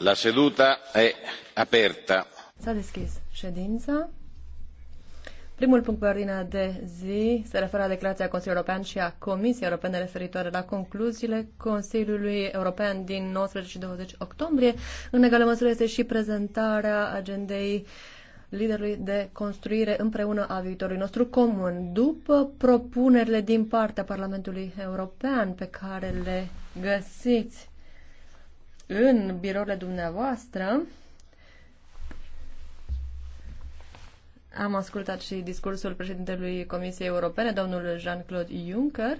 La seduta e aperta. S-a deschis ședința. Primul punct pe ordinea de zi se referă la declarația Consiliului European și a Comisiei Europene referitoare la concluziile Consiliului European din 19 și 20 octombrie. În egală măsură este și prezentarea agendei liderului de construire împreună a viitorului nostru comun, după propunerile din partea Parlamentului European pe care le găsiți în birourile dumneavoastră. Am ascultat și discursul președintelui Comisiei Europene, domnul Jean-Claude Juncker.